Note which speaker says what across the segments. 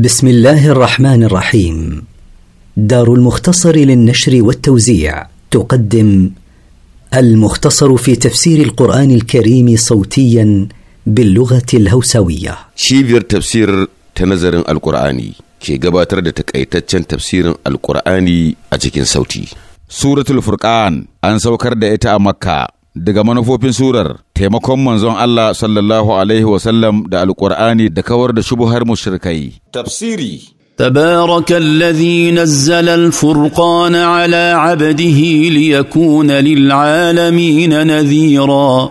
Speaker 1: بسم الله الرحمن الرحيم دار المختصر للنشر والتوزيع تقدم المختصر في تفسير القرآن الكريم صوتيا باللغة الهوسوية
Speaker 2: شيفير تفسير تنظر القرآني كي قباتر تكأيتتشن تفسير القرآني أجيكين صوتي سورة الفرقان أنسو كرد إتا مكة daga manufofin surar taimakon manzon Allah sallallahu da Alƙur'ani da kawar da shubuhar mushrikai. Tafsiri تبارك الذي نزل الفرقان على عبده ليكون na نذيرا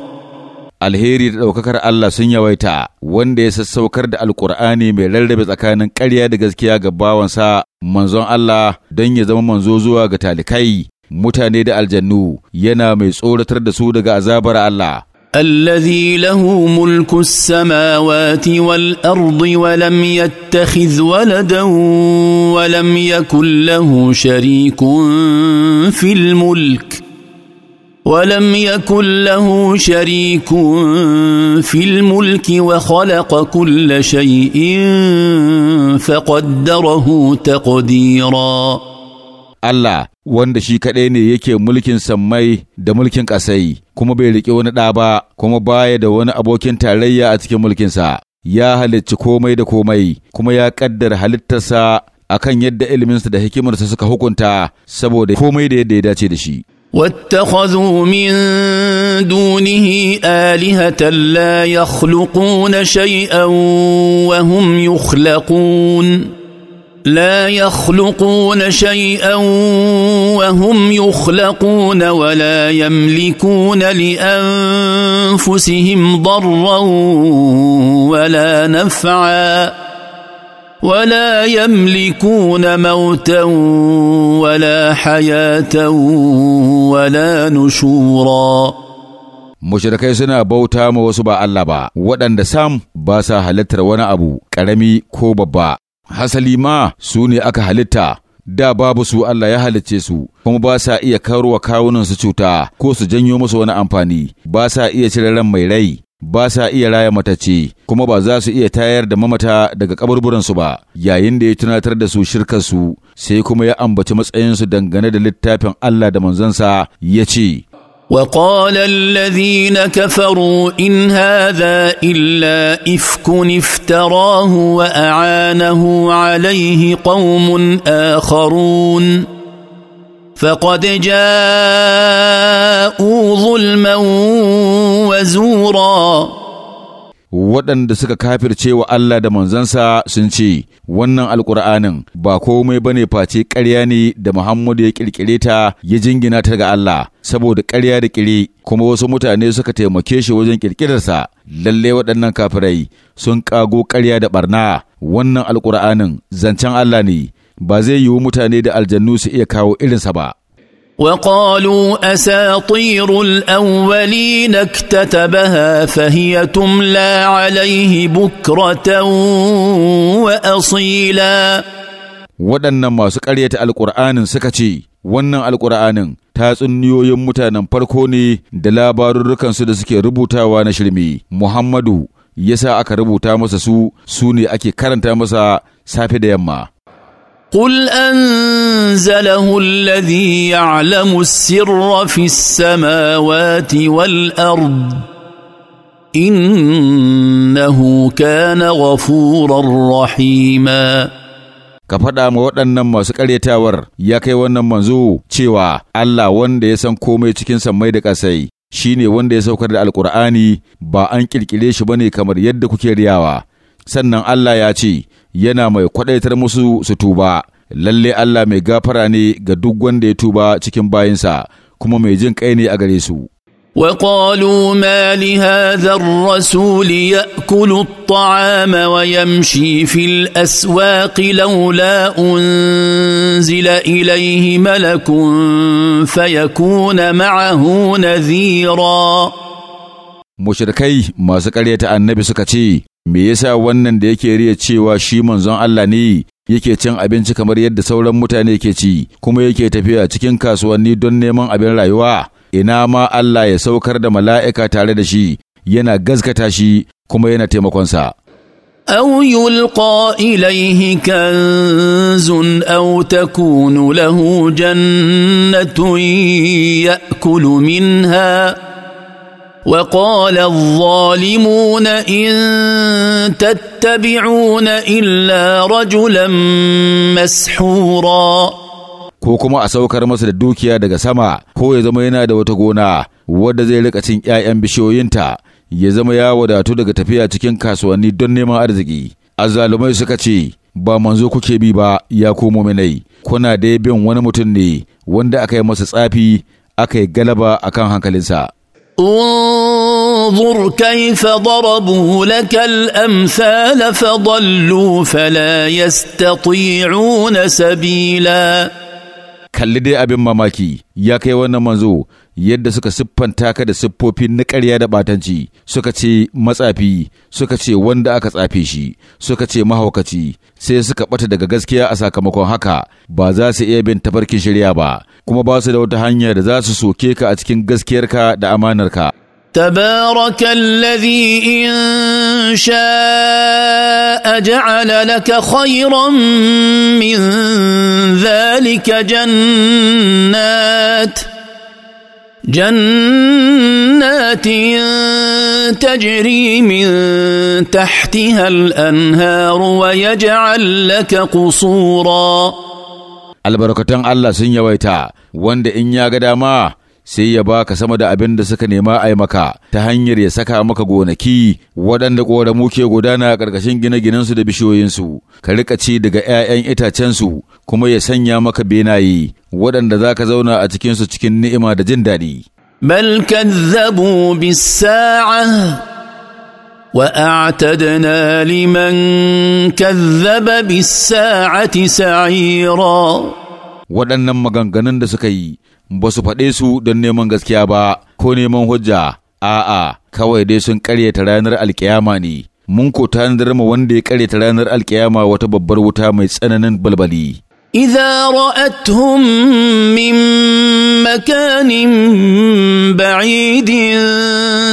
Speaker 2: alheri da ɗaukakar Allah sun yawaita wanda ya sassaukar da Alƙur'ani mai rarrabe tsakanin ƙarya da gaskiya ga bawansa manzon Allah don ya zama manzo zuwa ga talikai mutane da aljannu yana mai tsoratar da su daga azabar Allah.
Speaker 1: الذي له ملك السماوات والارض ولم يتخذ ولدا ولم يكن له شريك في الملك ولم يكن له شريك في الملك وخلق كل شيء
Speaker 2: فقدره تقديراً Allah wanda shi kaɗai ne yake mulkin sammai da mulkin ƙasai, kuma bai riƙe wani ɗa ba, kuma baya da wani abokin tarayya a cikin mulkinsa. Ya halicci komai da komai, kuma ya ƙaddara halittarsa a kan yadda iliminsa da hikimarsa suka hukunta saboda komai da yadda ya dace da shi.
Speaker 1: واتخذوا من دونه آلهة لا يخلقون شيئا وهم يخلقون لا يخلقون شيئا وهم يخلقون ولا يملكون لانفسهم ضرا ولا نفعا ولا يملكون موتا ولا حياه
Speaker 2: ولا نشورا mushrikai suna bauta ma wasu ba Allah ba waɗanda sam ba sa halittar wani abu ƙarami ko babba hasali ma su ne aka halitta da babu su Allah ya halicce su kuma ba sa iya karuwa kawunan su cuta ko su janyo musu wani amfani ba sa iya cire ran mai rai ba sa iya raya matace kuma ba za su iya tayar da mamata daga su ba yayin da ya tunatar da su shirkar su sai kuma ya ambaci matsayinsu dangane da littafin Allah da manzansa ya ce
Speaker 1: وقال الذين كفروا ان هذا الا افك افتراه واعانه عليه قوم اخرون فقد
Speaker 2: جاءوا ظلما وزورا waɗanda suka kafirce wa Allah da manzansa sun ce, Wannan alƙur'anin ba komai ba ne face ƙarya ne da Muhammadu ya ƙirƙire ta ya jingina ta ga Allah, saboda ƙarya da ƙiri kuma wasu mutane suka taimake shi wajen ƙirƙirarsa. Lalle waɗannan kafirai sun ƙago ƙarya da ɓarna, wannan alƙur'anin zancen Allah ne, ba zai yiwu mutane da aljannu su iya kawo irinsa ba.
Speaker 1: وقالوا اساطير الاولين اكتتبها
Speaker 2: فهي تملى عليه بكره واصيلا waɗannan masu ƙaryata alƙur'anin suka ce wannan alƙur'anin tatsuniyoyin mutanen farko ne da labarurrukansu da suke rubutawa na shirme muhammadu yasa aka rubuta masa su su ne ake karanta masa safe da yamma
Speaker 1: قل انزله الذي يعلم السر في السماوات والارض
Speaker 2: انه كان غفورا رحيما ka faɗa ma waɗannan masu ƙaryatawar ya kai wannan manzo cewa Allah wanda ya san komai cikin sammai da ƙasai shi ne wanda ya saukar da Alƙur'ani, ba an ƙirƙire shi ba ne kamar yadda kuke riyawa sannan Allah ya ce yana mai kwaɗaitar musu su tuba lalle Allah mai gafara ne ga duk wanda ya tuba cikin bayinsa kuma mai jin kai ne a gare su
Speaker 1: وقالوا ما لهذا الرسول يأكل الطعام ويمشي في الأسواق لولا أنزل إليه ملك فيكون معه نذيراً
Speaker 2: mushrikai masu ta annabi suka ce me yasa wannan da yake riya cewa shi manzon Allah ne yake cin abinci kamar yadda sauran mutane ke ci kuma yake tafiya cikin kasuwanni don neman abin rayuwa ina ma Allah ya saukar da mala'ika tare da shi yana gaskata shi kuma yana taimakonsa
Speaker 1: أو يلقى إليه كنز أو تكون له جنة يأكل منها وقال الظالمون ان تتبعون الا رجلا مسحورا
Speaker 2: ko kuma a saukar masa da dukiya daga sama ko ya zama yana da wata gona wadda zai rika cin 'ya'yan bishiyoyinta ya zama ya wadatu daga tafiya cikin kasuwanni don neman arziki azzalumai suka ce ba manzo kuke bi ba ya ku muminai kuna da bin wani mutum ne wanda aka yi masa tsafi aka yi galaba akan hankalinsa انظر
Speaker 1: كيف ضربوا لك الامثال فضلوا فلا
Speaker 2: يستطيعون سبيلا kalli dai abin mamaki ya kai wannan manzo yadda suka siffanta ka da siffofi na ƙarya da ɓatanci suka ce matsafi suka ce wanda aka tsafe shi suka ce mahaukaci sai suka ɓata daga gaskiya a sakamakon haka ba za su iya bin tafarkin shirya ba kuma ba su da wata hanya da za su soke ka a cikin gaskiyarka da amanarka
Speaker 1: تبارك الذي ان شاء جعل لك خيرا من ذلك جنات جنات تجري من تحتها الانهار ويجعل لك قصورا
Speaker 2: albarkatun Allah sun yawaita wanda in ya ga dama sai ya baka sama da abin da suka nema a maka ta hanyar ya saka maka gonaki waɗanda ƙoramu ke gudana a ƙarƙashin gine-ginensu da bishiyoyinsu ka riƙa ci daga 'ya'yan itacensu kuma ya sanya maka benaye waɗanda za ka zauna a cikinsu cikin ni'ima da jin daɗi.
Speaker 1: Bal bis واعتدنا لمن كذب
Speaker 2: بالساعه سعيرا waɗannan maganganun da suka yi ba su faɗe su don neman gaskiya ba ko neman hujja a'a kawai dai sun ƙaryata ranar alkiyama ne mun ko tanadar ma wanda ya ƙaryata ranar alkiyama wata babbar wuta mai tsananin balbali
Speaker 1: اذا راتهم من مكان بعيد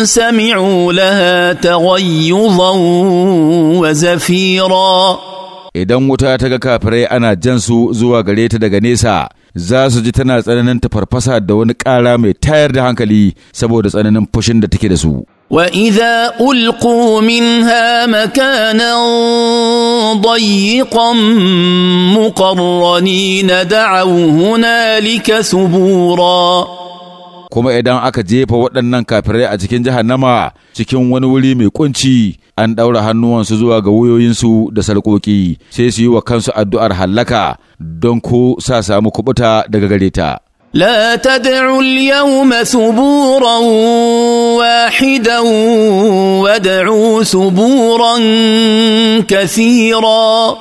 Speaker 1: سمعوا
Speaker 2: لها تغيظا وزفيرا idan wuta ta ga kafirai ana jansu zuwa gare ta daga nesa za su ji tana tsananin tafarfasa da wani ƙara mai tayar da hankali saboda tsananin fushin da take da su
Speaker 1: واذا القوا منها مكانا ضيقا مقرنين دعوا هنالك
Speaker 2: ثبورا kuma idan aka jefa waɗannan kafirai a cikin jahannama cikin wani wuri mai kunci an ɗaura hannuwansu zuwa ga wuyoyinsu da sarƙoƙi sai su yi wa kansu addu'ar hallaka don ko sa samu kubuta daga gare ta.
Speaker 1: لا تدعوا اليوم ثبورا واحدا وادعوا ثبورا كثيرا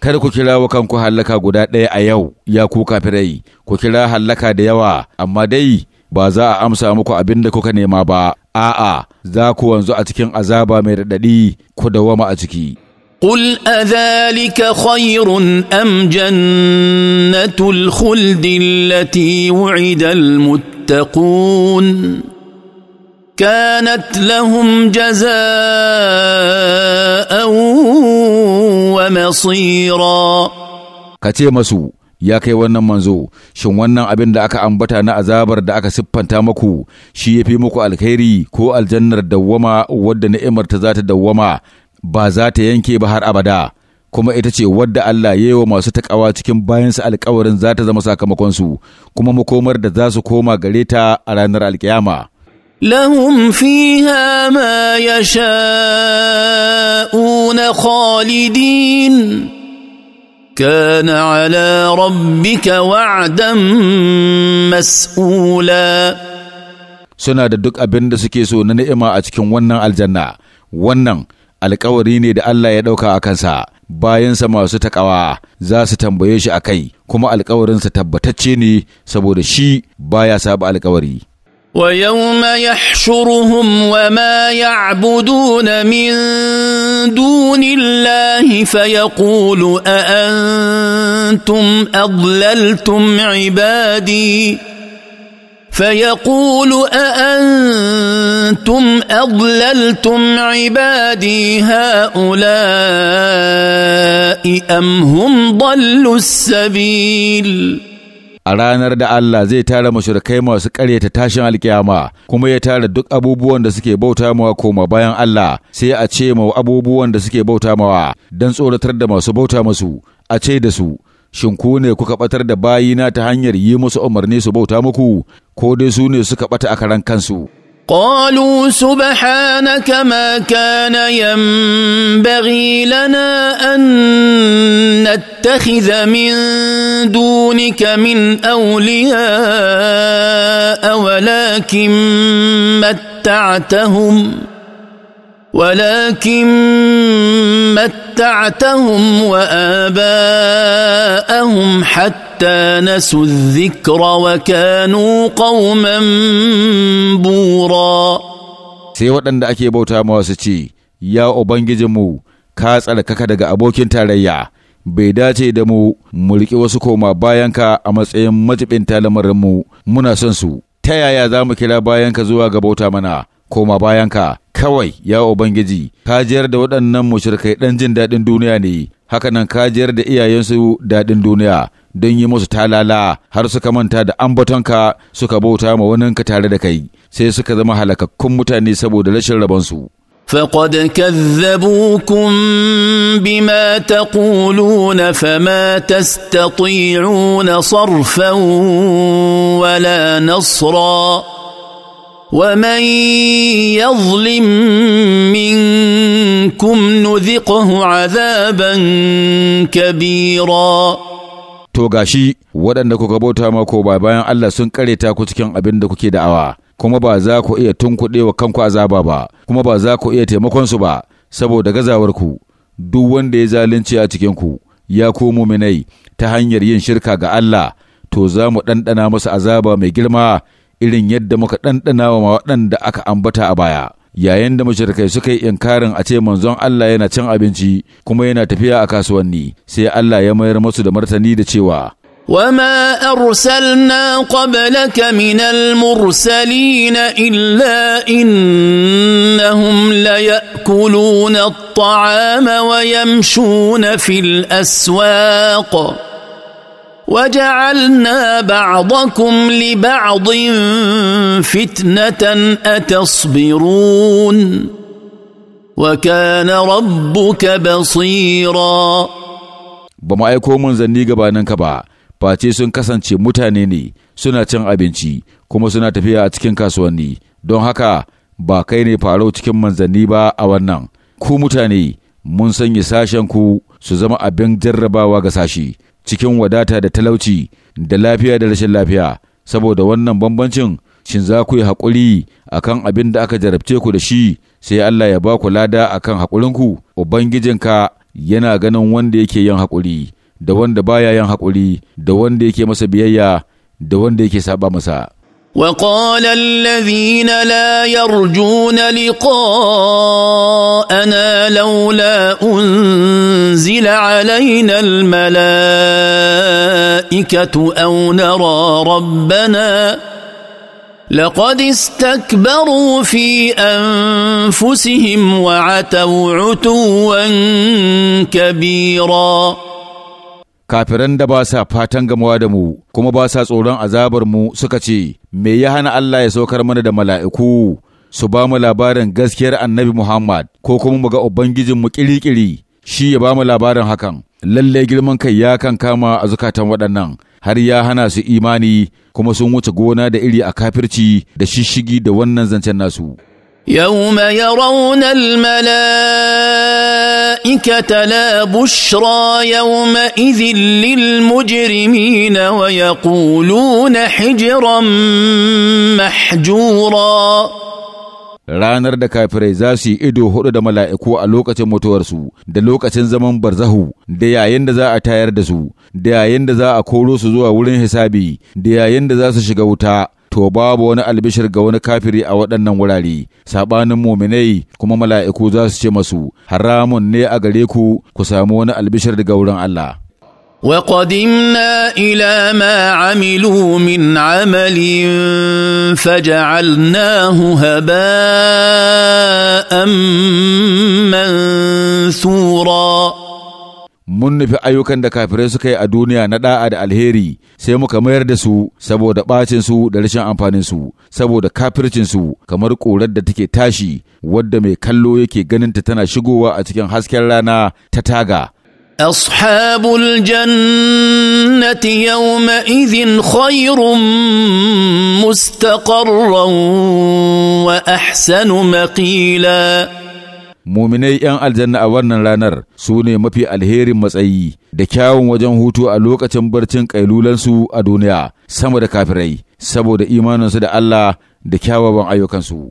Speaker 2: kada ku kira wa kanku hallaka guda ɗaya a yau ya ku kafirai ku kira hallaka da yawa amma dai ba za a amsa muku abin da kuka nema ba a'a za ku wanzu a cikin azaba mai raɗaɗi ku dawama a ciki
Speaker 1: قل اذلك خير ام جنه الخلد التي وعد المتقون كانت لهم
Speaker 2: جزاء ومصيرا kace masu ya kai wannan manzo shin wannan abin da aka ambata na azabar da aka siffanta muku shi ya fi muku alkhairi ko aljannar dawwama wadda ni'imar ta za ta dawwama ba za ta yanke ba har abada kuma ita ce wadda Allah ya yi wa masu takawa cikin bayansa alkawarin za ta zama sakamakonsu kuma makomar da za su koma gare ta a ranar alkiyama.
Speaker 1: لهم فيها ya sha'una خالدين
Speaker 2: Kana ala ربك وعدا mas'ula. suna da duk abin da suke so na ni'ima a cikin wannan aljanna wannan alkawari ne da Allah ya ɗauka a kansa bayansa masu taƙawa za su tambaye shi a kai kuma alkawarinsa tabbatacce ne saboda shi baya saba alkawari.
Speaker 1: ويوم يحشرهم وما يعبدون من دون الله فيقول أأنتم أضللتم عبادي فيقول أأنتم أضللتم عبادي هؤلاء أم هم ضلوا السبيل
Speaker 2: a ranar da Allah zai tara mashirkai masu karyata tashin alkiyama kuma ya tara duk abubuwan da suke bauta mawa koma bayan Allah sai a ce ma abubuwan da suke bauta mawa don tsoratar da masu bauta masu a ce da su shin ku ne kuka batar da bayina ta hanyar yi musu umarni su bauta muku ko dai su ne suka bata a karan kansu
Speaker 1: قالوا سبحانك ما كان ينبغي لنا ان نتخذ من دونك من اولياء ولكن متعتهم ولكن متعتهم واباءهم حتى نسوا الذكر وكانوا
Speaker 2: قوما بورا sai waɗanda ake bauta mawa su ce ya ubangijinmu ka tsarkaka daga abokin tarayya bai dace da mu mu riƙi wasu koma bayanka a matsayin majibinta lamarinmu muna son su ta yaya za mu kira bayanka zuwa ga bauta mana koma bayanka kawai ya ubangiji ka jiyar da waɗannan mushirkai ɗan jin daɗin duniya ne hakanan ka jiyar da iyayensu daɗin duniya don yi musu talala har suka manta da ambatonka suka bauta ma ka tare da kai sai suka zama halakakkun mutane saboda rashin rabonsu.
Speaker 1: فقد كذبوكم بما تقولون فما تستطيعون صرفا ولا نصرا ومن يظلم منكم نذقه عذابا
Speaker 2: كبيرا to gashi waɗanda kuka bauta mako ba bayan Allah sun kareta ku cikin abin da kuke da'awa kuma ba za ku iya tunkuɗe wa kanku azaba ba kuma ba za ku iya taimakon su ba saboda ku duk wanda ya zalunci a cikin ku ya komo minai ta hanyar yin shirka ga Allah to za mu ɗanɗana masa azaba mai girma irin yadda muka ɗanɗana wa waɗanda aka ambata a baya yayin da mashirkai suka yi inkarin a ce manzon Allah yana cin abinci kuma yana tafiya a kasuwanni sai Allah ya mayar musu da martani da cewa
Speaker 1: وما ارسلنا قبلك من المرسلين na انهم لياكلون الطعام ويمشون في الاسواق وجعلنا بعضكم لبعض فتنه اتصبرون
Speaker 2: وكان ربك بصيرا ba aiko manzanni gabaninka ba face sun kasance mutane ne suna cin abinci kuma suna tafiya a cikin kasuwanni don haka ba kai ne farau cikin manzanni ba a wannan ku mutane mun sanya sashen ku su zama abin jarrabawa ga sashi cikin wadata da talauci da lafiya da rashin lafiya saboda wannan bambancin shin za ku yi haƙuri a kan abin da aka jarabce ku da shi sai Allah ya ba ku lada akan haƙurinku ubangijinka yana ganin wanda yake yin haƙuri da wanda baya yin haƙuri da wanda yake masa biyayya da wanda yake saba masa
Speaker 1: وقال الذين لا يرجون لقاءنا لولا انزل علينا الملائكه او نرى ربنا لقد استكبروا في انفسهم وعتوا عتوا كبيرا
Speaker 2: kafiran da ba sa fatan gamawa da mu kuma ba sa tsoron azabar mu suka ce me ya hana Allah ya saukar mana da mala'iku su ba mu labarin gaskiyar annabi Muhammad ko kuma mu ga ubangijin mu kirikiri shi ya ba mu labarin hakan lalle girman kai ya kan kama a zukatan waɗannan har ya hana su imani kuma sun wuce gona da iri a kafirci da shishigi da wannan zancen nasu
Speaker 1: يوم يرون الملائكه لا بشرى يومئذ للمجرمين ويقولون حجرا محجورا
Speaker 2: ranar da kafirai za su yi ido hudu da mala'iku a lokacin mutuwarsu da lokacin zaman barzahu da yayin da za a tayar da su da yayin da za a koro su zuwa wurin hisabi da yayin da za su shiga wuta to babu wani albishir ga wani kafiri a waɗannan wurare sabanin muminai kuma mala'iku za su ce masu haramun ne a gare ku ku samu wani albishir daga wurin Allah
Speaker 1: وقدمنا الى ما عملوا من عمل فجعلناه هباء
Speaker 2: منثورا mun nufi ayyukan da kafirai suka yi a duniya na da'a da alheri sai muka mayar da su saboda bacin su da rashin amfanin su saboda kafircin su kamar ƙurar da take tashi wadda mai kallo yake ganin ta tana shigowa a cikin hasken rana ta taga أصحاب
Speaker 1: الجنة يومئذ خير مستقرا وأحسن
Speaker 2: مقيلاً muminai 'yan aljanna a wannan ranar su ne mafi alherin matsayi da kyawun wajen hutu a lokacin barcin ƙailulansu a duniya sama da kafirai saboda imaninsu da Allah da kyawawan ayyukansu.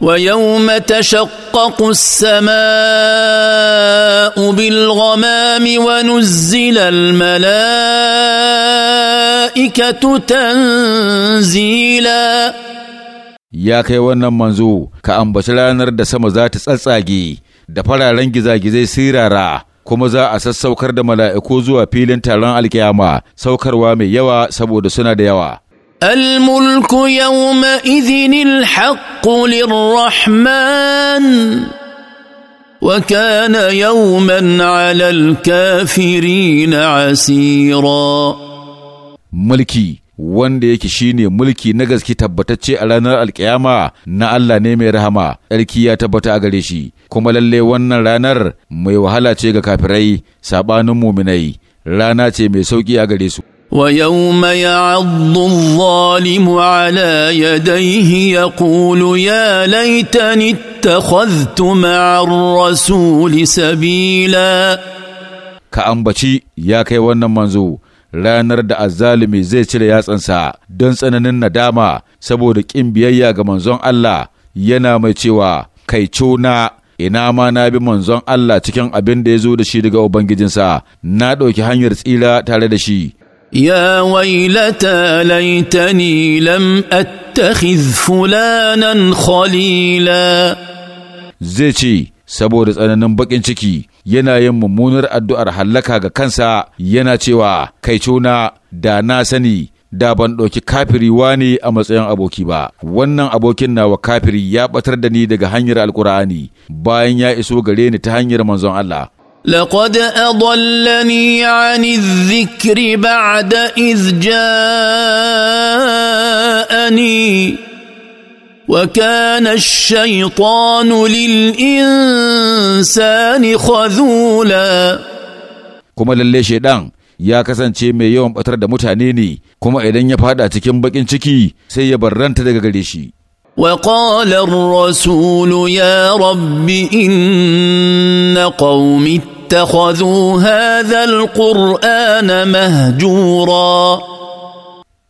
Speaker 1: ويوم تشقق السماء بالغمام ونزل الملائكة تنزيلا
Speaker 2: يا كي wannan manzo ka ambaci ranar da sama za ta tsatsage da fararen gizagizai sirara kuma za a sassaukar da mala'iku zuwa filin taron alkiyama saukarwa mai yawa saboda suna da yawa.
Speaker 1: الملك يومئذ الحق للرحمن وكان يوما على الكافرين
Speaker 2: عسيرا ملكي wanda yake shine mulki na gaske tabbatacce a ranar alkiyama na Allah ne mai rahama tsarki ya tabbata a gare shi kuma lalle wannan ranar mai wahala ce ga kafirai saɓanin muminai rana ce mai sauƙi a gare su
Speaker 1: ويوم يعض الظالم على يديه يقول يا ليتني اتخذت
Speaker 2: مع الرسول سبيلا ka ambaci ya kai wannan manzo ranar da azzalumi zai cire yatsansa don tsananin nadama saboda ƙin biyayya ga manzon Allah yana mai cewa kai cuna! ina ma na bi manzon Allah cikin abin da ya zo da shi daga Ubangijinsa na ɗauki hanyar tsira tare da shi.
Speaker 1: يا ويلتى ليتني
Speaker 2: لم أتخذ فلانا خليلا zai ce saboda tsananin baƙin ciki yana yin mummunar addu'ar hallaka ga kansa yana cewa kai cuna da na sani da ban ɗauki kafiri wani a matsayin aboki ba wannan abokin nawa kafiri ya ɓatar da ni daga hanyar alkur'ani bayan ya iso gare ni ta hanyar manzon Allah
Speaker 1: لقد أضلني عن الذكر بعد إذ جاءني وكان الشيطان للإنسان خذولا
Speaker 2: kuma lalle shaidan ya kasance mai yawan batar da mutane ne kuma idan ya faɗa cikin bakin ciki sai ya barranta daga gare shi
Speaker 1: وقال الرسول يا رب إن قومي اتخذوا هذا القرآن مهجورا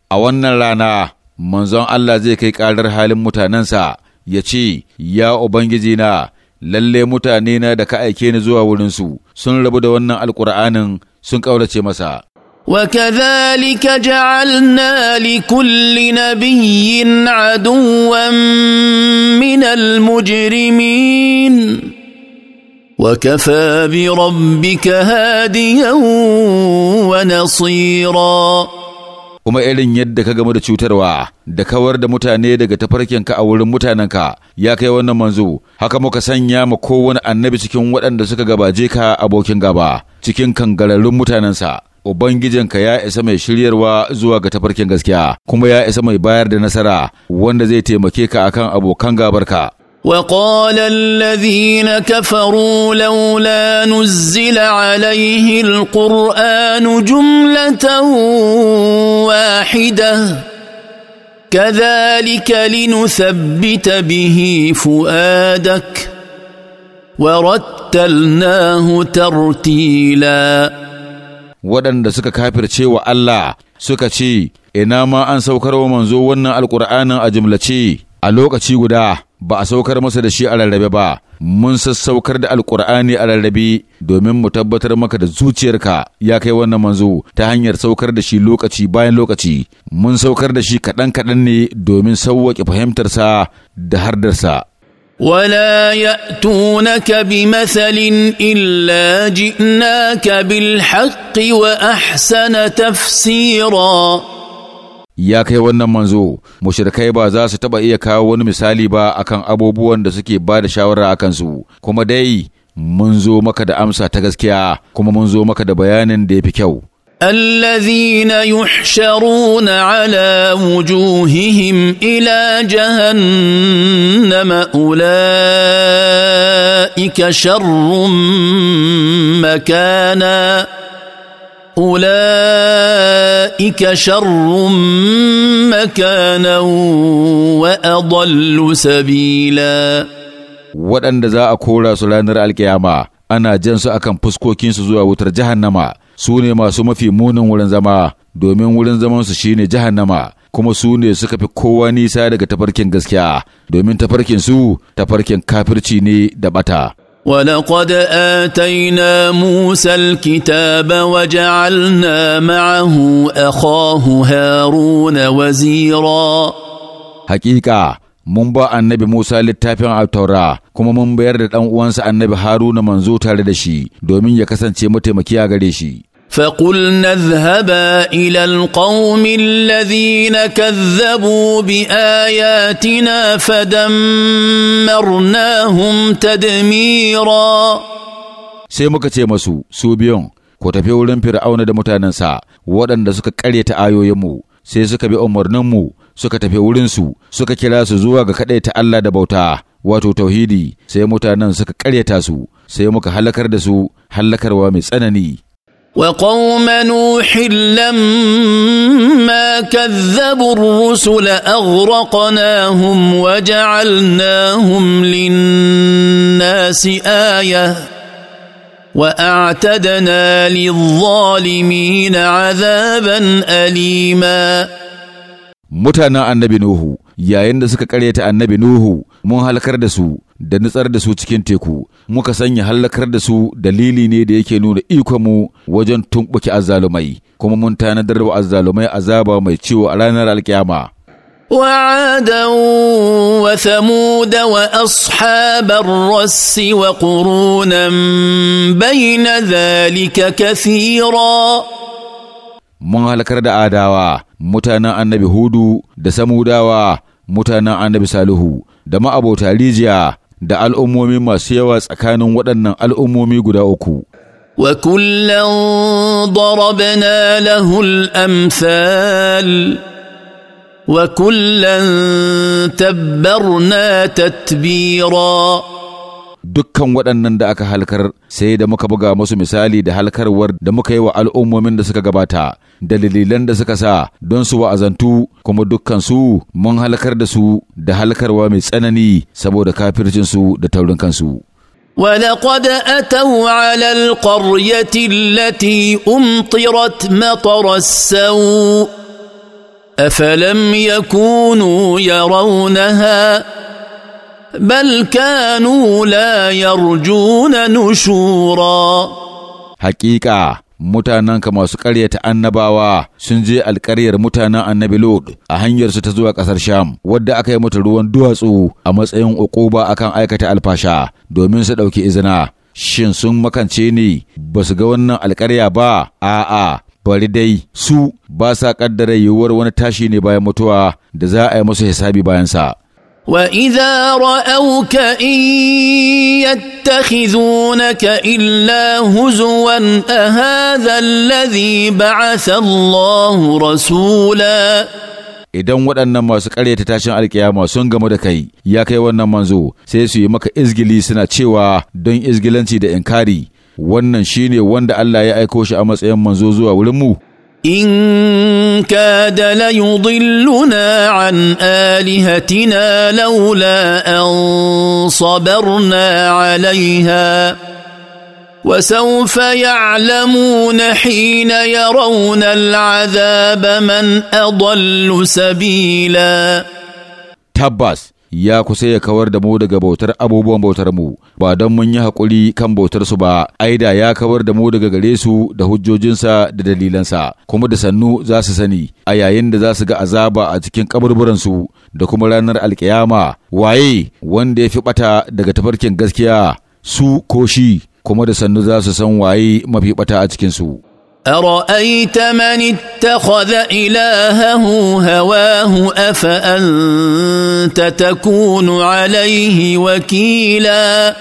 Speaker 2: a wannan rana manzon Allah zai kai ƙarar halin mutanensa ya ce, Ya Ubangiji na, lalle mutane na da ka aike ni zuwa wurinsu sun rabu da wannan alƙur'anin sun ƙaurace masa.
Speaker 1: وكذلك جعلنا لكل نبي عدوا من المجرمين وكفى بربك هاديا
Speaker 2: ونصيرا kuma irin yadda ka game da cutarwa da kawar da mutane daga tafarkinka a wurin mutanenka ya kai wannan manzo haka muka sanya ma kowane annabi cikin waɗanda suka gabaje ka abokin gaba cikin kangararrun mutanensa Ubangijinka ya isa mai shiryarwa zuwa ga tafarkin gaskiya, kuma ya isa mai bayar da nasara wanda zai taimake ka akan abokan gabarka.
Speaker 1: وقال الذين كفروا لولا نزل عليه القران جمله واحده كذلك لنثبت به فؤادك
Speaker 2: ورتلناه ترتيلا waɗanda suka kafirce wa Allah suka ce, Ina ma an saukar wa manzo wannan alƙur'anin a jimlace a lokaci guda ba a saukar masa da shi a rarrabe ba, mun sassaukar da alkur'ani a rarrabe domin mu tabbatar maka da zuciyarka ya kai wannan manzo ta hanyar saukar da shi lokaci bayan lokaci, mun saukar da shi kaɗan-kaɗan ne domin sauwaƙe fahimtarsa da hardarsa.
Speaker 1: ولا ياتونك بمثل الا جئناك بالحق واحسن تفسيرا
Speaker 2: ya kai wannan manzo mushrikai ba za su taba iya kawo wani misali ba akan abubuwan da suke ba da shawara akan su kuma dai mun zo maka da amsa ta gaskiya kuma mun zo maka da bayanin da ya fi kyau
Speaker 1: الذين يحشرون على وجوههم ila جهنم اولئك sharrun makana. اولئك شر مكانا
Speaker 2: واضل سبيلا waɗanda za a kora su ranar alkiyama ana jan su akan fuskokinsu zuwa wutar jahannama su ne masu mafi munin wurin zama domin wurin zamansu shine jahannama kuma su ne suka fi kowa nisa daga tafarkin gaskiya domin tafarkin su tafarkin kafirci ne da bata
Speaker 1: ولقد اتينا موسى الكتاب
Speaker 2: وجعلنا معه اخاه هارون وزيرا حقيقه mun ba annabi Musa littafin Altaura kuma mun bayar da ɗan uwansa annabi Haruna manzo tare da shi domin ya kasance mataimaki a gare shi
Speaker 1: فقلنا اذهبا الى القوم الذين كذبوا باياتنا فدمرناهم تدميرا
Speaker 2: sai muka ce masu su biyun ku tafi wurin fir'auna da mutanensa waɗanda suka ƙaryata ayoyinmu sai suka bi mu suka tafi wurin su, suka kira su zuwa ga kaɗaita Allah da bauta wato tauhidi sai mutanen suka ƙaryata su sai muka halakar da su halakarwa mai tsanani
Speaker 1: وقوم نوح لما كذبوا الرسل اغرقناهم وجعلناهم للناس ايه واعتدنا للظالمين عذابا اليما
Speaker 2: متنا النبي نوح يا ان suka karyata annabi نوح مو halakar da nutsar da su cikin teku muka sanya hallakar da su dalili ne da yake nuna mu wajen tumɓuke azzalumai kuma mun tanadar wa azzalumai azaba mai ciwo a ranar alkiyama
Speaker 1: وعادا وثمود واصحاب الرس وقرونا بين ذلك كثيرا
Speaker 2: mun halakar da adawa mutanen annabi hudu da samudawa mutanen annabi salihu da ma'abota rijiya da al'ummomi masu yawa tsakanin waɗannan al'ummomi guda uku. وكلا
Speaker 1: ضربنا له الامثال وكلا تبرنا تتبيرا
Speaker 2: dukkan waɗannan da aka halkar sai da muka buga musu misali da halkarwar da muka yi wa al'ummomin da suka gabata da dalilan da suka sa don su wa'azantu kuma dukkan su mun halkar da su da halkarwa mai tsanani saboda kafircinsu da taurin kansu.
Speaker 1: ولقد اتوا على القريه التي امطرت مطر السوء افلم يكونوا يرونها بل كانوا لا يرجون نشورا
Speaker 2: حقيقة ka masu ƙaryata annabawa sun je alƙaryar mutanen annabi Lod a hanyar su ta zuwa ƙasar Sham wadda aka yi mata ruwan duwatsu a matsayin uquba akan aikata alfasha domin su ɗauki izina shin sun makance ne ba su ga wannan alƙarya ba a'a bari dai su ba sa ƙaddara yiwuwar wani tashi ne bayan mutuwa da za a yi musu hisabi bayansa
Speaker 1: واذا راوك ان يتخذونك الا هزوا اهذا الذي
Speaker 2: بعث الله رسولا idan waɗannan masu ƙaryata tashin alkiyama sun gamu da kai ya kai wannan manzo sai su yi maka izgili suna cewa don izgilanci da inkari wannan shine wanda Allah ya aiko shi a matsayin manzo zuwa wurinmu ان كاد ليضلنا عن
Speaker 1: الهتنا لولا ان صبرنا عليها وسوف يعلمون حين يرون العذاب من اضل سبيلا
Speaker 2: تباس ya kusa ya kawar da mu daga bautar abubuwan bautar mu ba don mun yi haƙuri kan bautar su ba aida ya kawar da mu daga gare su da hujjojinsa da dalilansa kuma da sannu za su sani a yayin da za su ga azaba a cikin kaburburan su da kuma ranar alkiyama waye wanda ya fi bata daga tafarkin gaskiya su ko shi kuma da sannu za su san waye mafi bata a cikin su
Speaker 1: ارايت من اتخذ الهه هواه افانت تكون عليه وكيلا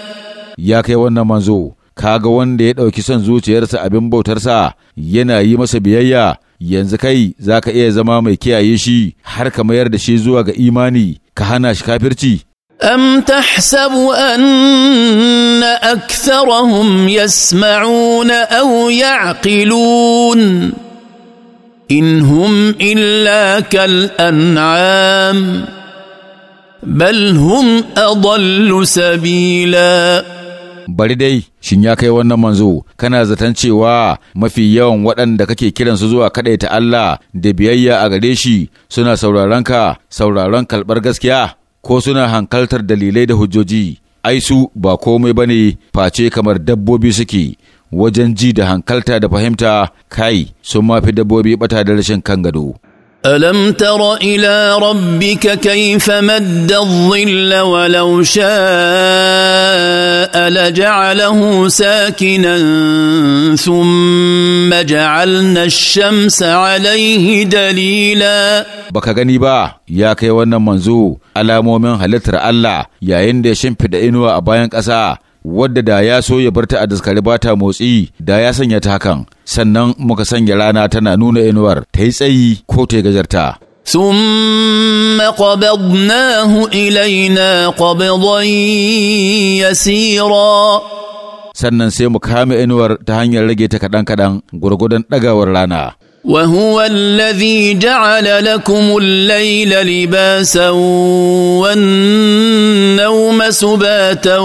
Speaker 2: ya kai wannan manzo kaga wanda ya ɗauki son zuciyarsa abin bautarsa yana yi masa biyayya yanzu kai za ka iya zama mai kiyaye shi har ka mayar da shi zuwa ga imani ka hana shi kafirci
Speaker 1: أم تحسب أن أكثرهم يسمعون أو يعقلون إن هم إلا كالأنعام
Speaker 2: بل هم أضل سبيلا bari dai shin ya kai wannan manzo kana zaton cewa mafi yawan waɗanda kake kiransu zuwa kaɗaita Allah da biyayya a gare shi suna sauraron ka sauraron kalbar gaskiya ko suna hankaltar dalilai da hujjoji ai su ba komai ba ne face kamar dabbobi suke wajen ji da hankalta da fahimta kai sun mafi dabbobi bata da rashin kan gado
Speaker 1: الم تر الى ربك كيف مد الظل ولو شاء لجعله ساكنا ثم جعلنا
Speaker 2: الشمس عليه دليلا baka gani ba ya kai wannan manzo alamomin halittar Allah yayin da ya shimfida inuwa a bayan ƙasa wadda da ya so ya bar ta a daskare ba ta motsi da ya sanya ta hakan sannan muka sanya rana tana nuna inuwar ta yi tsayi ko ta yi gajarta ثم
Speaker 1: قبضناه إلينا قبضا يسيرا
Speaker 2: sannan sai mu kame inuwar ta hanyar rage ta kaɗan-kaɗan gwargwadon ɗagawar rana
Speaker 1: وهو الذي جعل لكم الليل لباسا والنوم سباتا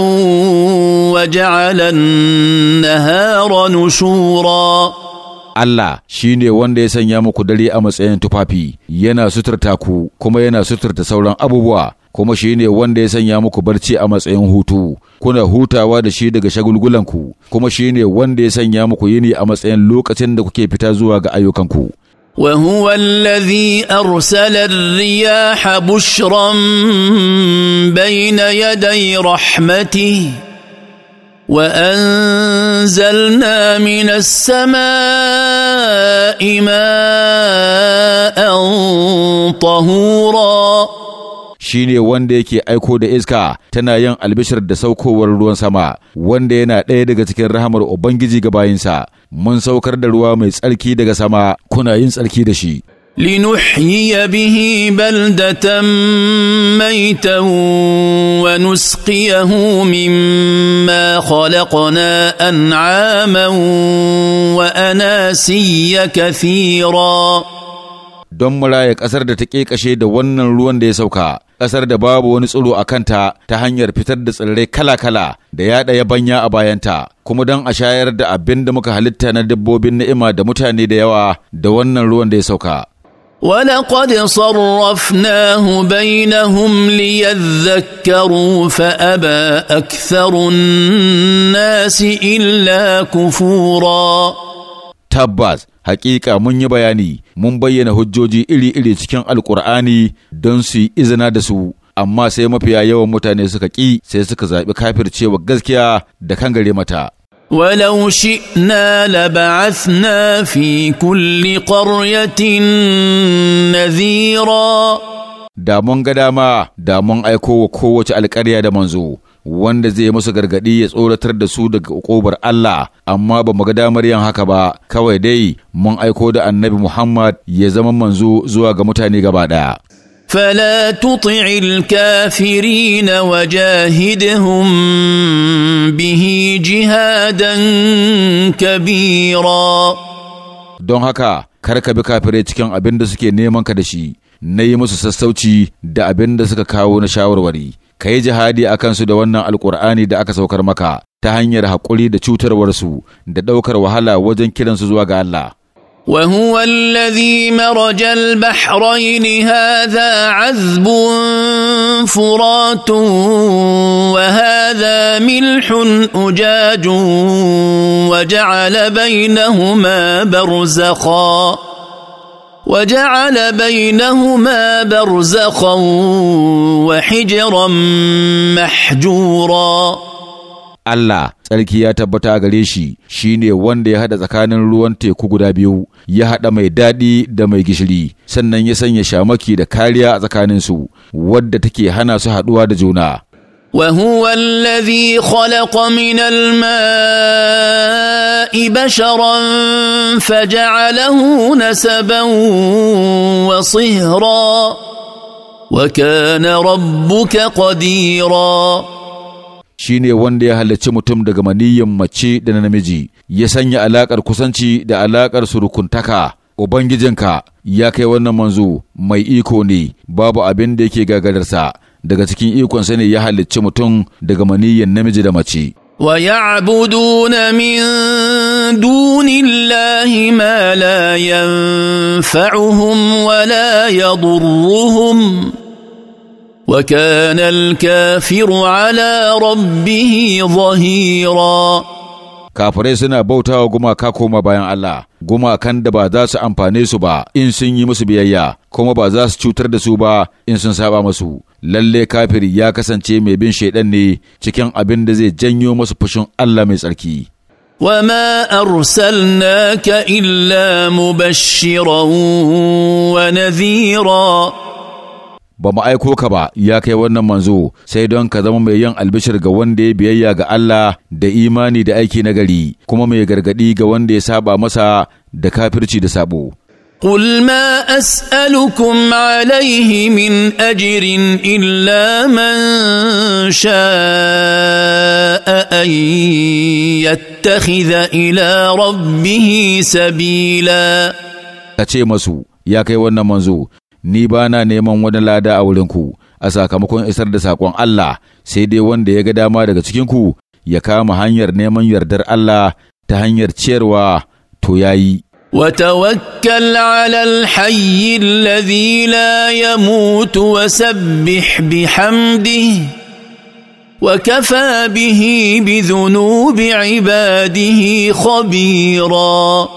Speaker 2: وجعل النهار نشورا Allah shi ne wanda ya sanya muku dare a matsayin tufafi, yana suturta ku kuma yana suturta sauran abubuwa kuma shi ne wanda ya sanya muku barci a matsayin hutu, kuna hutawa da shi daga shagulgulanku, kuma shi ne wanda ya sanya muku yini a matsayin lokacin da kuke fita zuwa ga ayyukanku.
Speaker 1: وهو الذي ارسل الرياح بشرا بين يدي رحمته وانزلنا من السماء
Speaker 2: ماء طهورا shine wanda yake aiko da iska tana yin albishir da saukowar ruwan sama wanda yana ɗaya daga cikin rahamar ubangiji ga bayinsa mun saukar da ruwa mai tsarki daga sama kuna yin tsarki da shi
Speaker 1: لنحيي به بلدة ميتا ونسقيه مما خلقنا أنعاما وأناسيا
Speaker 2: كثيراً don muraya ƙasar da ta ƙeƙashe da wannan ruwan da ya sauka, ƙasar da babu wani tsoro a kanta ta hanyar fitar da tsirrai kala-kala da ya ɗaya banya a bayanta, kuma don a shayar da abin da muka halitta na dabbobin ni'ima da mutane da yawa da wannan ruwan da ya sauka.
Speaker 1: ولقد صرفناه بينهم ليذكروا فابى اكثر
Speaker 2: الناس الا Tabbas, تباز mun yi bayani. mun bayyana hujjoji iri-iri cikin alkur'ani don su yi izina da su amma sai mafiya yawan mutane suka ƙi sai suka zaɓi kafircewa gaskiya da kan gari mata
Speaker 1: ولو شئنا لبعثنا في كل قرية نذيرا
Speaker 2: da mun ga dama da mun aiko kowace alƙarya da manzo wanda zai yi musu gargaɗi ya tsoratar da su daga ƙobar Allah amma ba mu ga damar yin haka ba kawai dai mun aiko da annabi Muhammad ya zama manzo zuwa ga mutane gaba ɗaya. فلا
Speaker 1: تطع الكافرين وجاهدهم به جهادا
Speaker 2: كبيرا don haka kar ka bi kafirai cikin abin da suke neman ka da shi na yi musu sassauci da abin da suka kawo na shawarwari ka yi jihadi a kansu da wannan alkur'ani da aka saukar maka ta hanyar haƙuri da cutarwarsu da ɗaukar wahala wajen kiransu zuwa ga Allah.
Speaker 1: وهو الذي مرج البحرين هذا عذب فرات وهذا ملح اجاج وجعل بينهما برزخا وجعل بينهما برزخا وحجرا محجورا
Speaker 2: Allah tsarki ya tabbata gare shi shine wanda ya haɗa tsakanin ruwan teku guda biyu ya haɗa mai daɗi da mai gishiri sannan ya sanya shamaki da kariya a tsakaninsu wadda take hana su haɗuwa da juna
Speaker 1: وهو الذي خلق من الماء بشرا فجعله نسبا وصهرا وكان ربك قديرا
Speaker 2: shi ne wanda ya halarci mutum daga maniyyin mace da na namiji ya sanya alaƙar kusanci da alaƙar surukuntaka ubangijinka ya kai wannan manzo mai iko ne babu abin da yake gagararsa daga cikin ikonsa ne ya halicci mutum daga maniyyan namiji da mace
Speaker 1: ويعبدون من دون الله ما لا ينفعهم ولا يضرهم
Speaker 2: وكان الكافر على ربه ظهيراً kafirai suna bauta wa gumaka koma bayan Allah gumakan da ba za su amfane su ba in sun yi musu biyayya kuma ba za su cutar da su ba in sun saba musu lalle kafiri ya kasance mai bin shaidan ne cikin abin da zai janyo musu fushin Allah mai tsarki
Speaker 1: وما أرسلناك إلا مبشرا ونذيرا
Speaker 2: ba mu aiko ka ba ya kai wannan manzo sai don ka zama mai yin albishir ga wanda ya biyayya ga Allah da imani da aiki na gari, kuma mai gargadi ga wanda ya saba masa da kafirci da sabo
Speaker 1: قل ما اسالكم عليه من اجر الا من شاء ان يتخذ الى ربه سبيلا
Speaker 2: ce masu ya kai wannan manzo ni ba na neman wani lada a wurinku a sakamakon isar da saƙon Allah sai dai wanda ya ga dama daga cikinku ya kama hanyar neman yardar Allah ta hanyar ciyarwa to ya yi. وتوكل على الحي الذي لا Hamdi, wa
Speaker 1: بحمده وكفى به بذنوب عباده خبيرا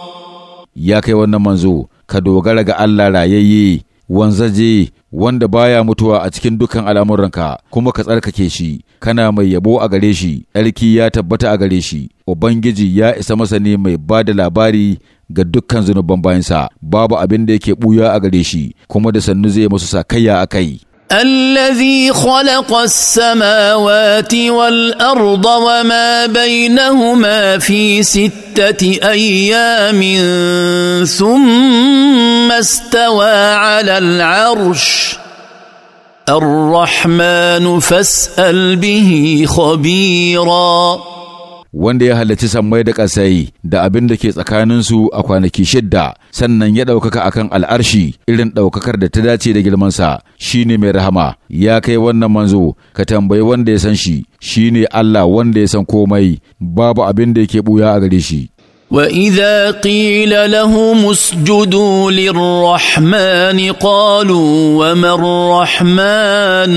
Speaker 2: يا كي wannan manzo ka dogara ga Allah rayayye wanzaje wanda baya mutuwa a cikin dukan al'amuranka kuma ka tsarkake shi kana mai yabo a gare shi tsarki ya tabbata a gare shi ubangiji ya isa masa ne mai ba da labari ga dukkan zunuban bayansa babu abin da yake buya a gare shi kuma da sannu zai musu sakayya a kai
Speaker 1: الذي خلق السماوات والارض وما بينهما في سته ايام ثم استوى على العرش الرحمن فاسال به خبيرا
Speaker 2: wanda ya halarci sammai da ƙasai da abin da ke tsakaninsu a kwanaki shidda sannan ya ɗaukaka akan al'arshi irin ɗaukakar da ta dace da girmansa shine mai rahama ya kai wannan manzo ka tambayi wanda ya san shi shine Allah wanda ya san komai babu abin da yake buya a gare shi
Speaker 1: واذا قيل لهم اسجدوا للرحمن قالوا وما الرحمن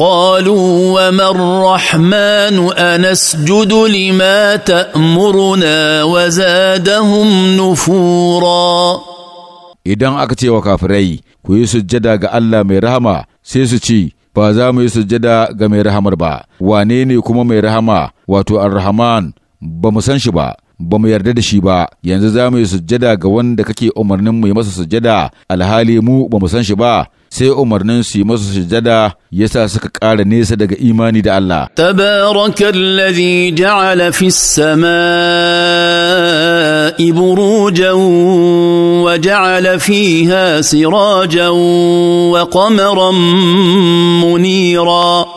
Speaker 1: قالوا وما الرحمن أنسجد لما تأمرنا وزادهم
Speaker 2: نفورا idan aka ce wa kafirai ku yi sujjada ga Allah mai rahama sai su ci ba za mu yi sujjada ga mai rahamar ba wane ne kuma mai rahama wato ar-rahman ba mu san shi ba ba mu yarda da shi ba yanzu za mu yi sujjada ga wanda kake umarnin mu yi masa sujjada alhali mu ba mu san shi ba sai umarnin su yi masa sujjada yasa suka ƙara nesa daga imani da Allah
Speaker 1: lazi ja'ala fis samaa'i wa ja'ala fiha sirajan wa qamaran munira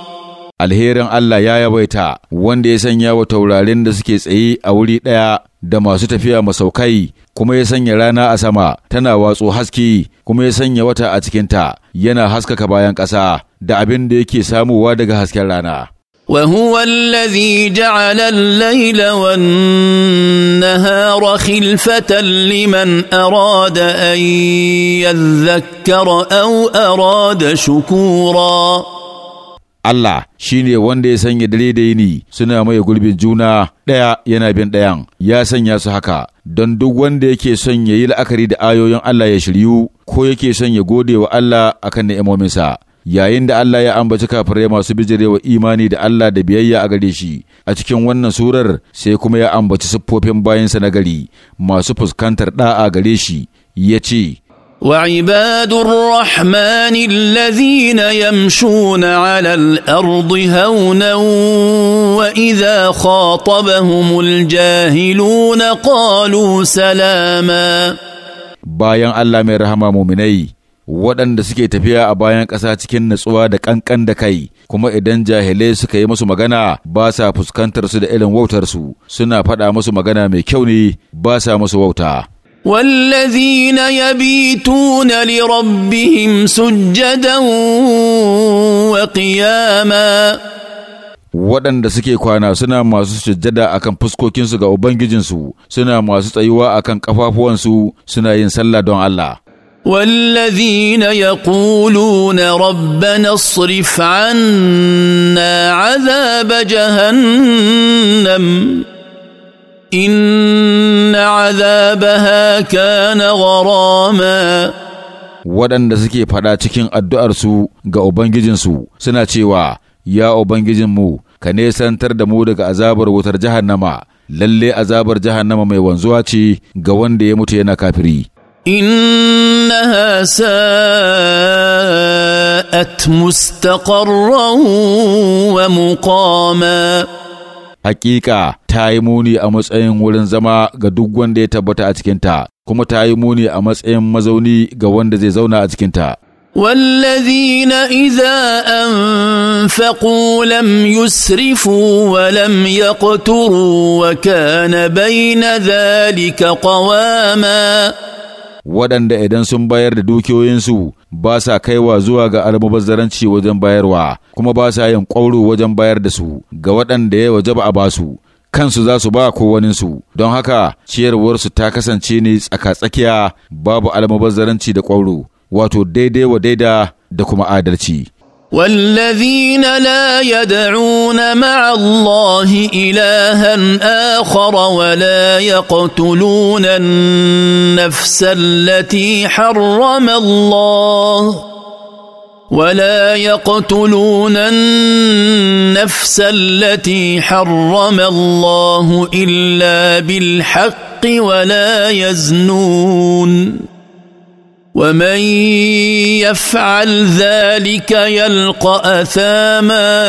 Speaker 2: alherin Allah ya yawaita wanda ya sanya wa taurarin da suke tsaye a wuri ɗaya da masu tafiya masaukai kuma ya sanya rana a sama tana watsu haske kuma ya sanya wata a cikinta yana haskaka bayan ƙasa da abin da yake samuwa daga hasken rana.
Speaker 1: وهو الذي جعل الليل والنهار خلفة لمن أراد أن يذكر أو أراد شكوراً
Speaker 2: Allah shi ne wanda ya sanya dare da yini suna mai gurbin juna ɗaya yana bin ɗayan ya sanya su haka don duk wanda yake son ya yi la'akari da ayoyin Allah ya shiryu ko yake son ya gode wa Allah akan ni'imominsa yayin da Allah ya ambaci kafirai masu bijirewa imani da Allah da biyayya a gare shi a cikin wannan surar sai kuma ya ambaci siffofin bayansa na gari masu fuskantar da'a gare shi ya ce وعباد الرحمن
Speaker 1: الذين يمشون على الارض هونا واذا خاطبهم الجاهلون قالوا سلاما
Speaker 2: bayan Allah mai rahama muminai waɗanda suke tafiya a bayan ƙasa cikin natsuwa da ƙanƙan da kai kuma idan jahilai suka yi musu magana ba sa fuskantar su da irin wautarsu suna faɗa musu magana mai kyau ne ba sa musu wauta
Speaker 1: والذين يبيتون لربهم سجدا وقياما
Speaker 2: waɗanda suke kwana suna masu sujjada akan fuskokinsu ga Ubangijinsu suna masu tsayuwa akan ƙafafuwansu suna yin sallah don Allah.
Speaker 1: والذين يقولون ربنا اصرف عنا عذاب جهنم inna haka
Speaker 2: na gharama waɗanda suke faɗa cikin addu'arsu ga Ubangijinsu suna cewa, Ya Ubangijin mu, ka nesantar da mu daga azabar wutar jahannama, lalle azabar jahannama mai wanzuwa ce ga wanda ya mutu yana kafiri.
Speaker 1: sa’at ساءت wa muqama.
Speaker 2: hakika ta yi muni a matsayin wurin zama ga duk wanda ya tabbata a cikinta, kuma ta yi muni a matsayin mazauni ga wanda zai zauna a cikinta.
Speaker 1: والذين إذا أنفقوا لم يسرفوا ولم يقتروا وكان بين ذلك قواماً
Speaker 2: waɗanda idan sun bayar da dukiyoyinsu ba sa kaiwa zuwa ga almubazzaranci wajen bayarwa kuma ba sa yin ƙwauro wajen bayar da su ga waɗanda ya wajaba a basu kansu za su ba kowaninsu don haka ciyarwarsu ta kasance ne tsaka-tsakiya babu almubazzaranci da ƙwauro wato daidai wa daida da kuma adalci
Speaker 1: والذين لا يدعون مع الله الها اخر ولا يقتلون النفس التي حرم الله ولا يقتلون النفس التي حرم الله الا بالحق ولا يزنون ومن يفعل
Speaker 2: ذلك يلقى أثاما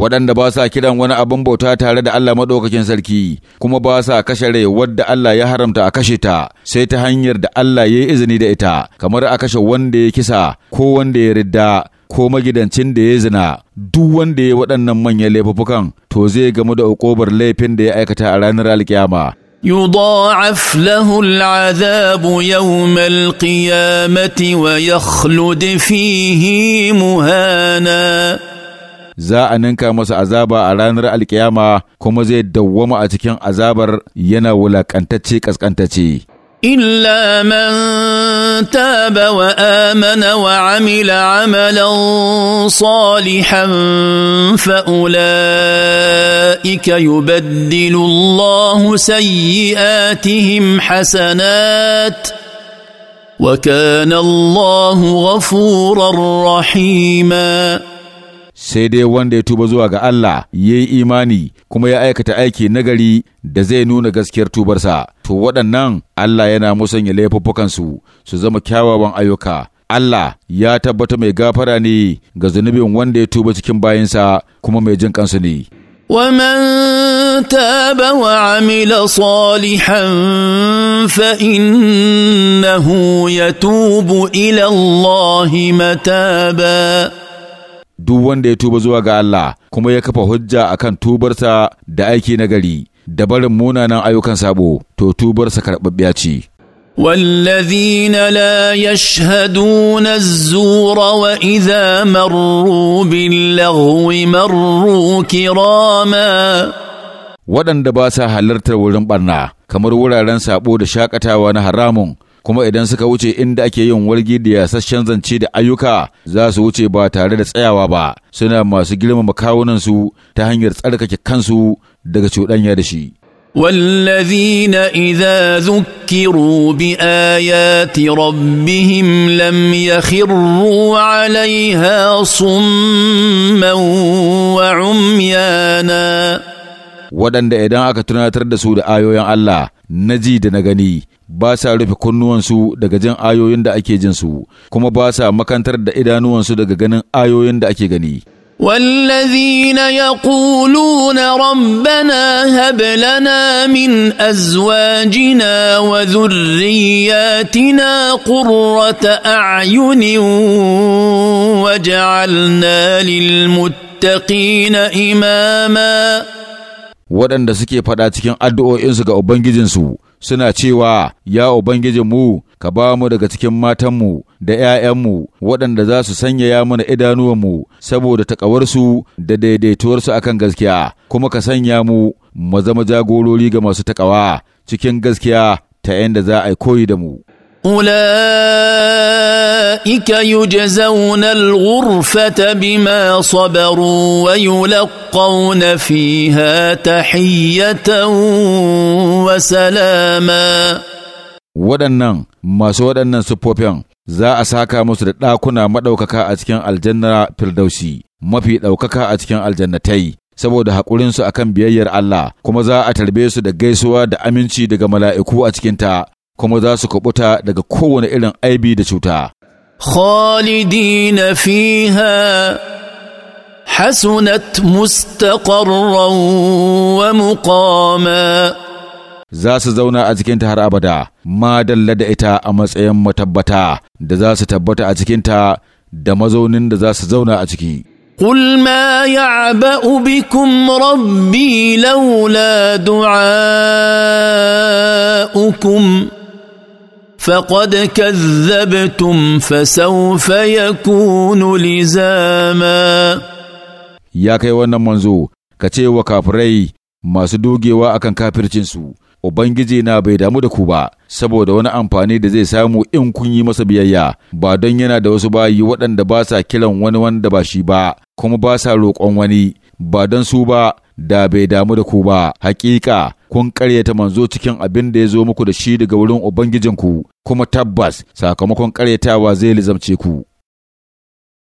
Speaker 2: waɗanda ba sa kiran wani abin bauta tare da Allah maɗaukakin sarki kuma ba sa kashe rai wadda Allah ya haramta a kashe ta sai ta hanyar da Allah ya yi izini da ita kamar a kashe wanda ya kisa ko wanda ya ridda ko magidancin da ya zina duk wanda ya waɗannan manyan laifukan to zai gamu da ƙobar laifin da ya aikata a ranar alkiyama
Speaker 1: يضاعف له العذاب يوم القيامة ويخلد فيه
Speaker 2: مهانا za a ninka masa azaba a ranar alkiyama kuma zai dawwama a cikin azabar yana wulaƙantacce ƙasƙantacce.
Speaker 1: الا من تاب وامن وعمل عملا صالحا فاولئك يبدل الله سيئاتهم
Speaker 2: حسنات وكان الله غفورا رحيما sai dai wanda ya tuba zuwa ga Allah ya yi imani kuma ya aikata aiki nagari da zai nuna gaskiyar tubarsa to waɗannan Allah yana musanya laifuffukansu su zama kyawawan ayyuka Allah ya tabbata mai gafara ne ga zunubin wanda ya tuba cikin bayansa kuma mai jin kansu ne
Speaker 1: ومن تاب وعمل صالحا فإنه يتوب إلى الله متابا
Speaker 2: duk wanda ya tuba zuwa ga Allah kuma ya kafa hujja akan tubarsa da aiki nagari da barin munanan ayyukan sabo to tubarsa karɓaɓɓiya ce
Speaker 1: والذين لا يشهدون الزور
Speaker 2: واذا مروا باللغو مروا كراما waɗanda ba sa halartar wurin ɓarna kamar wuraren saɓo da shakatawa na haramun kuma idan suka wuce inda ake yin walgi da yasasshen zance da ayyuka za su wuce ba tare da tsayawa ba suna masu girmama kawunansu ta hanyar tsarkake kansu daga cuɗanya da shi
Speaker 1: والذين اذا ذكروا بايات ربهم لم يخروا
Speaker 2: عليها صما وعميانا waɗanda idan aka tunatar da su da ayoyin Allah na ji da na gani ba sa rufe kunnuwansu daga jin ayoyin da ake jinsu kuma ba sa makantar da idanuwansu daga ganin ayoyin da ake gani
Speaker 1: والذين يقولون ربنا هب لنا من ازواجنا وذرياتنا قره اعين وجعلنا للمتقين imama.
Speaker 2: waɗanda suke faɗa cikin addu'o'insu ga Ubangijinsu suna cewa, Ya Ubangijinmu, ka ba mu daga cikin matanmu da ’ya'yanmu waɗanda za su sanya ya mana idanuwanmu saboda taƙawarsu da daidaituwarsu akan gaskiya, kuma ka sanya mu mu zama jagorori ga masu taƙawa cikin gaskiya ta yadda za a yi koyi da mu.
Speaker 1: اولئك يجزون الغرفه بما صبروا ويلقون فيها تحيه وسلاما
Speaker 2: waɗannan masu waɗannan siffofin za a saka musu da ɗakuna maɗaukaka a cikin aljanna firdausi mafi ɗaukaka a cikin aljannatai saboda haƙurinsu akan biyayyar Allah kuma za a tarbe su da gaisuwa da aminci daga mala'iku a cikinta kuma za su kubuta daga kowane irin aibi da cuta. Khalidina
Speaker 1: fiha hasunat mustaqarran
Speaker 2: wa muqama za su zauna a cikinta har abada, madalla da ita a matsayin matabbata da za su tabbata a cikinta da mazaunin da za su zauna a ciki.
Speaker 1: قل ما يعبأ بكم ربي لولا دعاؤكم فقد كذبتم فسوف يكون
Speaker 2: لزاما يا kai wannan manzo ka ce wa kafirai masu dogewa akan kafircinsu Ubangiji na bai damu da ku ba saboda wani amfani da zai samu in kun yi masa biyayya ba don yana da wasu bayi waɗanda ba sa kiran wani wanda ba shi ba kuma ba sa roƙon wani ba don su ba da bai damu da ku ba hakika kun karyata manzo cikin abin da ya zo muku da shi daga wurin ubangijinku kuma tabbas sakamakon karyatawa zai lizamce ku